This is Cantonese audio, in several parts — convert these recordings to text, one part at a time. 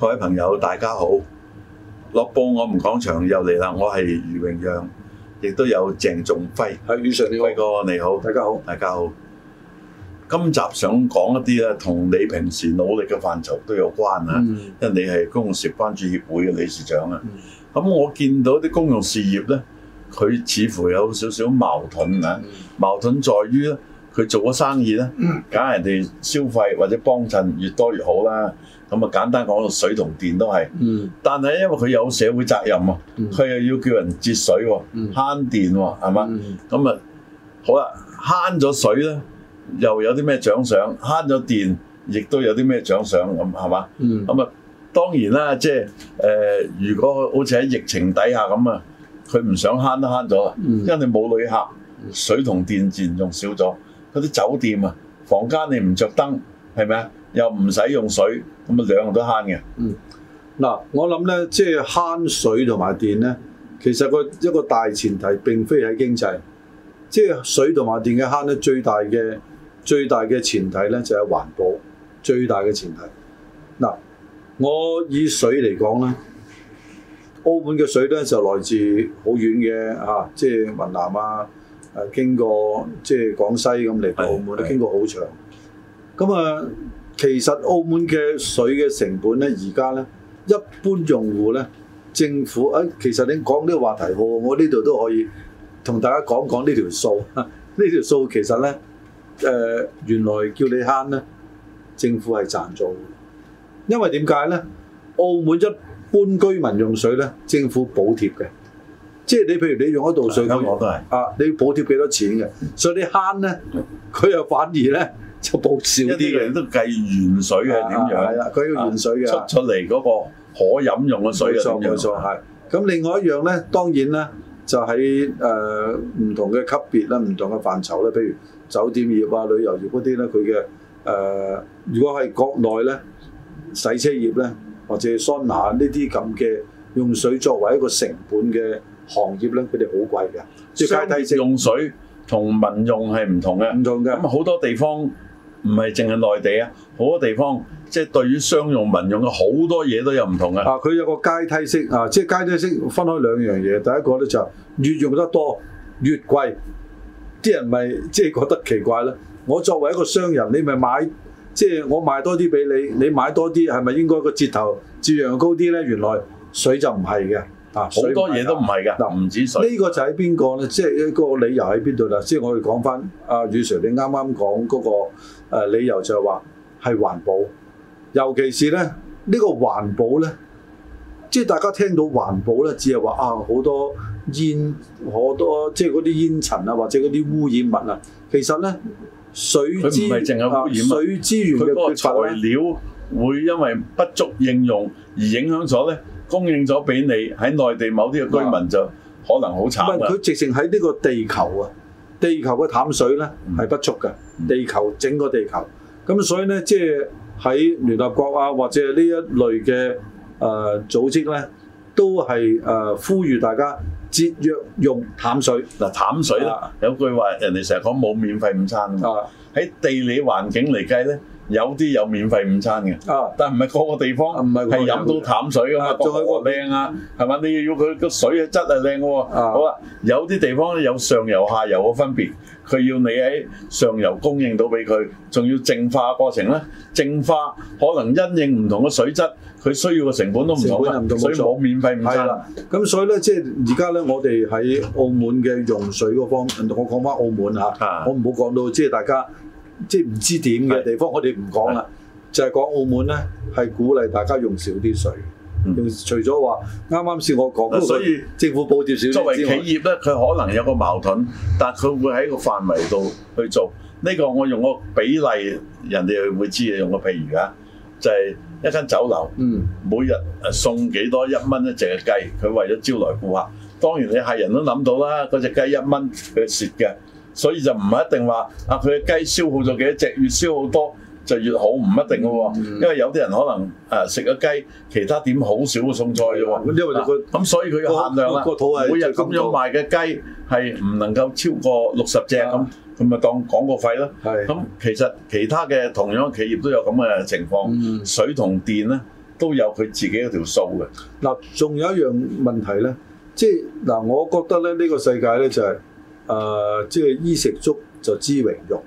各位朋友，大家好！樂報我哋講場又嚟啦，我係余榮陽，亦都有鄭仲輝。以上呢位輝哥，你好，大家好，大家好。今集想講一啲咧，同你平時努力嘅範疇都有關啊，嗯、因為你係公共事業關注協會嘅理事長啊。咁、嗯、我見到啲公用事業咧，佢似乎有少少矛盾啊。嗯、矛盾在於咧，佢做咗生意咧，揀、嗯、人哋消費或者幫襯越多越好啦。咁啊，簡單講，水同電都係，但係因為佢有社會責任啊，佢、嗯、又要叫人節水喎，慳、嗯、電喎，係嘛？咁啊、嗯，好啦，慳咗水咧，又有啲咩獎賞；慳咗電，亦都有啲咩獎賞咁，係嘛？咁啊、嗯，當然啦，即係誒，如果好似喺疫情底下咁啊，佢唔想慳都慳咗，因為你冇旅客，水同電自然仲少咗。嗰啲酒店啊，房間你唔着燈，係咪啊？又唔使用，用水。咁啊，兩個都慳嘅。嗯，嗱，我諗咧，即係慳水同埋電咧，其實個一個大前提並非係經濟，即係水同埋電嘅慳咧，最大嘅最大嘅前提咧就係環保，最大嘅前提。嗱，我以水嚟講咧，澳門嘅水咧就來自好遠嘅嚇，即係雲南啊，誒經過即係廣西咁嚟澳門，都經過好長。咁啊～其實澳門嘅水嘅成本呢，而家呢一般用戶呢，政府誒、啊，其實你講呢個話題好，我呢度都可以同大家講講呢條數。呢、啊、條數其實呢，誒、呃、原來叫你慳呢，政府係賺咗，因為點解呢？澳門一般居民用水呢，政府補貼嘅。即係你，譬如你用一度水，我都係啊！你要補貼幾多錢嘅，所以你慳咧，佢又的反而咧就補少啲嘅。都計原水嘅點樣？係啦，佢要原水嘅、啊、出出嚟嗰個可飲用嘅水嘅點樣錯？係咁，另外一樣咧，當然咧就喺誒唔同嘅級別啦、唔同嘅範疇啦，譬如酒店業啊、旅遊業嗰啲咧，佢嘅誒，如果係國內咧洗車業咧，或者桑拿呢啲咁嘅用水作為一個成本嘅。行業咧，佢哋好貴㗎。即係階梯式用水同民用係唔同嘅，唔同㗎。咁好多地方唔係淨係內地啊，好多地方即係、就是、對於商用、民用嘅好多嘢都有唔同嘅、啊。啊，佢有個階梯式啊，即係階梯式分開兩樣嘢。第一個咧就越用得多越貴，啲人咪即係覺得奇怪啦。我作為一個商人，你咪買即係我賣多啲俾你，你買多啲係咪應該個折頭折樣高啲咧？原來水就唔係嘅。啊！好多嘢都唔係㗎，嗱唔、啊、止水，呢個就喺邊個咧？即係一個理由喺邊度啦？即係我哋講翻阿雨 Sir 你啱啱講嗰個、啊、理由就係話係環保，尤其是咧呢個環保咧，即係大家聽到環保咧，只係話啊好多煙好多，即係嗰啲煙塵啊，或者嗰啲污染物啊，其實咧水資啊，水資源嗰個材料會因為不足應用而影響咗咧，供應咗俾你喺內地某啲嘅居民就可能好慘。佢直情喺呢個地球啊，地球嘅淡水呢係不足嘅。嗯、地球整個地球咁，所以呢，即係喺聯合國啊或者呢一類嘅誒、呃、組織呢，都係誒、呃、呼籲大家節約用淡水。嗱，淡水咧、啊、有句話，人哋成日講冇免費午餐啊。喺地理環境嚟計呢。有啲有免費午餐嘅，啊、但係唔係個個地方係飲到淡水嘅嘛，仲要靚啊，係、啊、嘛、那個啊？你要佢個水嘅質係靚喎。啊、好啦，有啲地方有上游下游嘅分別，佢要你喺上游供應到俾佢，仲要淨化過程咧，淨化可能因應唔同嘅水質，佢需要嘅成本都唔同，所以冇免費午餐的。啦了，咁所以咧，即係而家咧，我哋喺澳門嘅用水嗰方，我講翻澳門嚇，啊、我唔好講到即係大家。即係唔知點嘅地方，是我哋唔講啦，是就係講澳門咧，係鼓勵大家用少啲水，用、嗯、除咗話啱啱先我講，嗯、所以政府補貼少啲先。作為企業咧，佢可能有個矛盾，但係佢會喺個範圍度去做。呢、這個我用個比例，人哋又會知嘅。用個譬如啊，就係、是、一間酒樓，嗯、每日送幾多一蚊一隻嘅雞，佢為咗招來顧客，當然你客人都諗到啦，嗰隻雞一蚊佢蝕嘅。所以就唔係一定話啊！佢嘅雞消耗咗幾多隻，越消耗多就越好，唔一定嘅喎。因為有啲人可能誒食咗雞，其他點好少嘅餸菜嘅喎。咁、啊、所以佢嘅限量啦，每日咁樣賣嘅雞係唔能夠超過六十隻咁，咁咪、啊、當廣告費咯。咁的、啊嗯、其實其他嘅同樣嘅企業都有咁嘅情況，嗯、水同電咧都有佢自己嗰條數嘅。嗱，仲有一樣問題咧，即係嗱，我覺得咧呢個世界咧就係、是。誒、呃、即係衣食足就知榮辱。誒、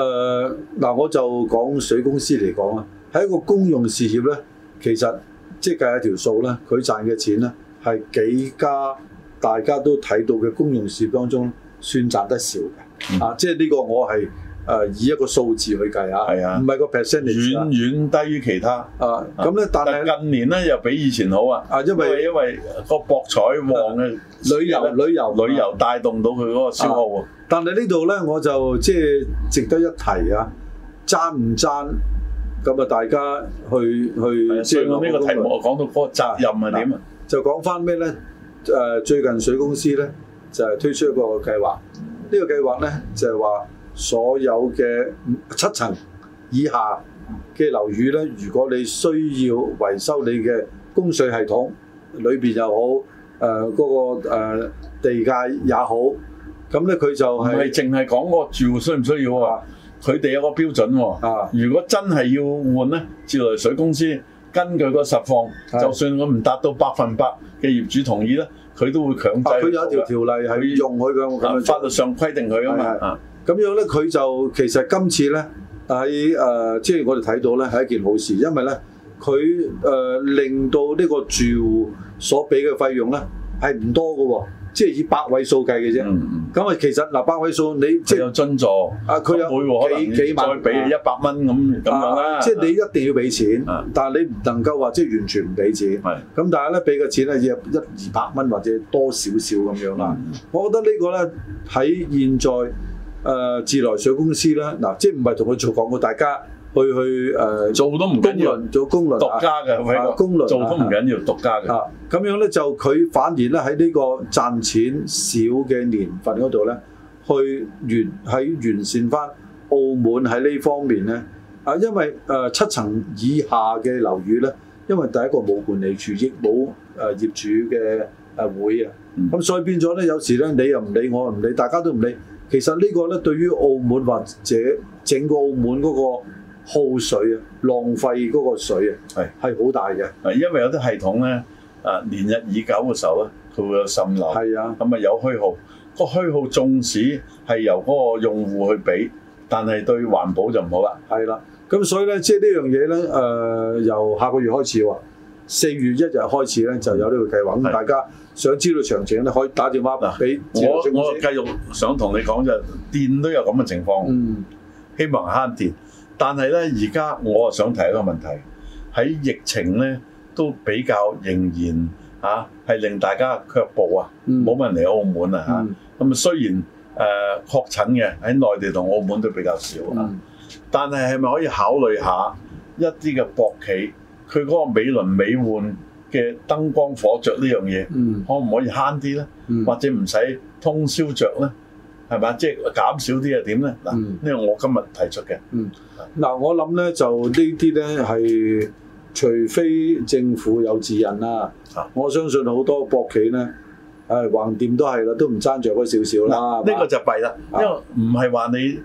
呃、嗱，我就講水公司嚟講啦，喺一個公用事業咧，其實即係計一條數咧，佢賺嘅錢咧係幾家大家都睇到嘅公用事業當中，算賺得少嘅。啊，即係呢個我係。誒，以一個數字去計下，係啊，唔係個 percentage，遠遠低於其他啊。咁咧，但係近年咧又比以前好啊。啊，因為因為個博彩旺咧，旅遊旅遊旅遊帶動到佢嗰個消耗啊。但係呢度咧，我就即係值得一提啊，爭唔爭？咁啊，大家去去。所以我呢個題目講到嗰個責任係點啊？就講返咩咧？誒，最近水公司咧就係推出一個計劃。呢個計劃咧就係話。所有嘅七層以下嘅樓宇咧，如果你需要維修你嘅供水系統裏邊又好，誒、呃、嗰、那個、呃、地界也好，咁咧佢就係唔係淨係講個住戶需唔需要啊？佢哋、啊、有個標準喎。啊，啊如果真係要換咧，自來水公司根據個實況，的就算我唔達到百分百嘅業主同意咧，佢都會強制。佢、啊、有一條條例係用佢嘅。啊，法律上規定佢啊嘛。的咁樣咧，佢就其實今次咧喺誒，即係我哋睇到咧係一件好事，因為咧佢誒令到呢個住戶所俾嘅費用咧係唔多嘅喎，即係以百位數計嘅啫。咁啊，其實嗱，百位數你即係有津助啊，佢有幾幾萬，再俾你一百蚊咁咁樣咧。即係你一定要俾錢，但係你唔能夠話即係完全唔俾錢。咁但係咧俾嘅錢咧，只有一二百蚊或者多少少咁樣啦。我覺得呢個咧喺現在。誒、呃，自來水公司啦，嗱、啊，即係唔係同佢做廣告？大家去去誒，呃、做都唔緊要，輪做公論獨家嘅，啊、輪做公論唔緊要，啊、獨家嘅。啊，咁樣咧就佢反而咧喺呢個賺錢少嘅年份嗰度咧，去完喺完善翻澳門喺呢方面咧。啊，因為誒、呃、七層以下嘅樓宇咧，因為第一個冇管理處，亦冇誒業主嘅誒會啊。咁、嗯、所以變咗咧，有時咧你又唔理，我唔理，大家都唔理。其實呢個咧，對於澳門或者整個澳門嗰個耗水啊、浪費嗰個水啊，係好大嘅。因為有啲系統呢年啊日已久嘅時候咧，佢會有滲漏。啊，咁啊有虛耗，個虛耗縱使係由嗰個用戶去俾，但係對環保就唔好啦。係啦、啊，咁所以呢，即係呢樣嘢呢，誒由下個月開始四月一日開始咧，就有呢個計劃。是大家想知道詳情咧，可以打電話嗱俾我。我繼續想同你講就電都有咁嘅情況。嗯，希望慳電。但係咧，而家我啊想提一個問題，喺疫情咧都比較仍然嚇係、啊、令大家卻步沒啊，冇人嚟澳門啊嚇。咁啊雖然誒、呃、確診嘅喺內地同澳門都比較少啦、啊，但係係咪可以考慮一下一啲嘅博企？佢嗰個美輪美奐嘅燈光火著呢樣嘢，可唔可以慳啲咧？或者唔使通宵着咧，係咪？即係減少啲又點咧？嗱，呢個我今日提出嘅。嗱，我諗咧就呢啲咧係，除非政府有指引啦。我相信好多博企咧，誒橫掂都係啦，都唔爭着嗰少少啦。呢個就弊啦，因為唔係話你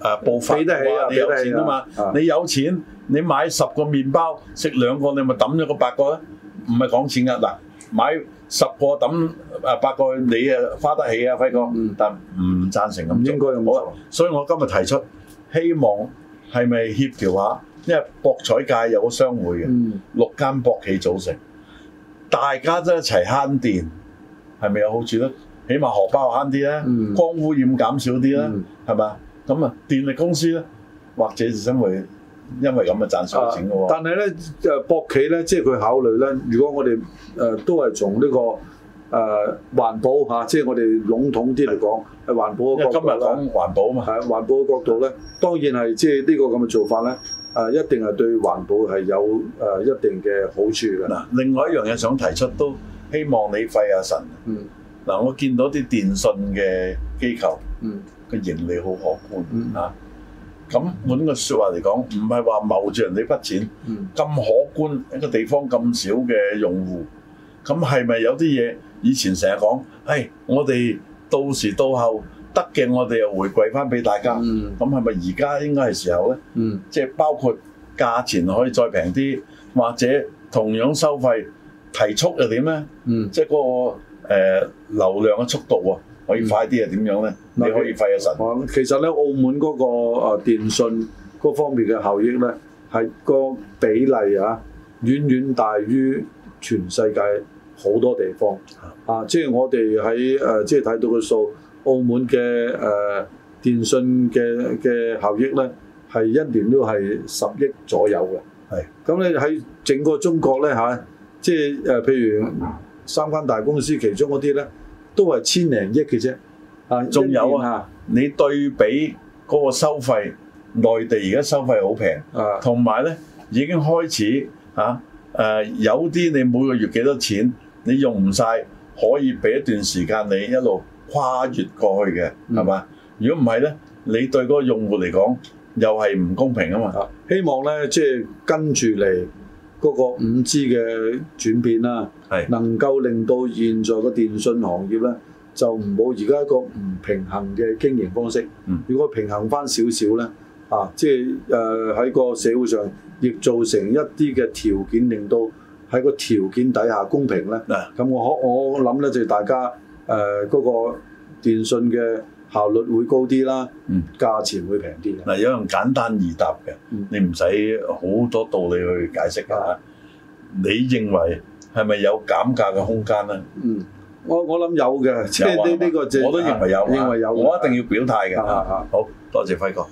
誒暴發，你有錢啊嘛，你有錢。你買十個麵包，食兩個，你咪抌咗個八個咧，唔係講錢噶嗱。買十個抌誒八個，你誒花得起啊，輝哥。嗯，但唔贊成咁做。唔應該咁做。所以我今日提出，希望係咪協調下，因為博彩界有個商會嘅，六間博企組成，大家都一齊慳電，係咪有好處咧？起碼荷包又慳啲啦，光污染減少啲啦，係咪啊？咁啊，電力公司咧，或者係因為。因為咁啊賺上錢喎，但係咧誒博企咧，即係佢考慮咧。如果我哋誒、呃、都係從呢、這個誒環保嚇，即係我哋籠統啲嚟講，喺環保嘅角度，今日講，環保啊嘛，喺環保嘅角度咧、啊，當然係即係呢個咁嘅做法咧，誒、啊、一定係對環保係有誒、啊、一定嘅好處嘅。嗱，另外一樣嘢想提出都希望你費下神。嗯，嗱、啊，我見到啲電信嘅機構，嗯，佢嘅盈利好可觀，嗯、啊咁換個說話嚟講，唔係話謀住人哋筆錢咁可觀，一個地方咁少嘅用戶，咁係咪有啲嘢以前成日講？誒，我哋到時到後得嘅，我哋又回饋翻俾大家。咁係咪而家應該係時候呢？即係包括價錢可以再平啲，或者同樣收費提速又點呢？即係嗰個誒流量嘅速度啊！可以快啲啊！點樣咧？你可以費下神。其實咧，澳門嗰、那個誒、呃、電信嗰方面嘅效益咧，係個比例啊，遠遠大於全世界好多地方啊！即係我哋喺誒，即係睇到個數，澳門嘅誒、呃、電信嘅嘅效益咧，係一年都係十億左右嘅。係咁的，你喺整個中國咧吓、啊，即係誒、呃，譬如三間大公司其中嗰啲咧。都係千零億嘅啫，啊，仲有啊，你對比嗰個收費，內地而家收費好平，啊，同埋咧已經開始嚇，誒有啲你每個月幾多錢，你用唔晒，可以俾一段時間你一路跨越過去嘅，係嘛？如果唔係咧，你對嗰個用戶嚟講又係唔公平啊嘛，希望咧即係跟住嚟。嗰個五 G 嘅轉變啊，能夠令到現在個電訊行業咧，就唔好而家一個唔平衡嘅經營方式。如果平衡返少少咧，啊，即係誒喺個社會上亦造成一啲嘅條件，令到喺個條件底下公平咧。嗱，咁我我諗咧就大家誒嗰、呃嗰個電訊嘅。效率會高啲啦，嗯、價錢會平啲。嗱，，有樣簡單易答嘅，嗯、你唔使好多道理去解釋啊。嗯、你認為係咪有減價嘅空間咧？嗯，我我諗有嘅，呢呢、啊、呢個、就係、我都認為有、啊，認為有、啊，我一定要表態嘅。啊，好多謝輝哥。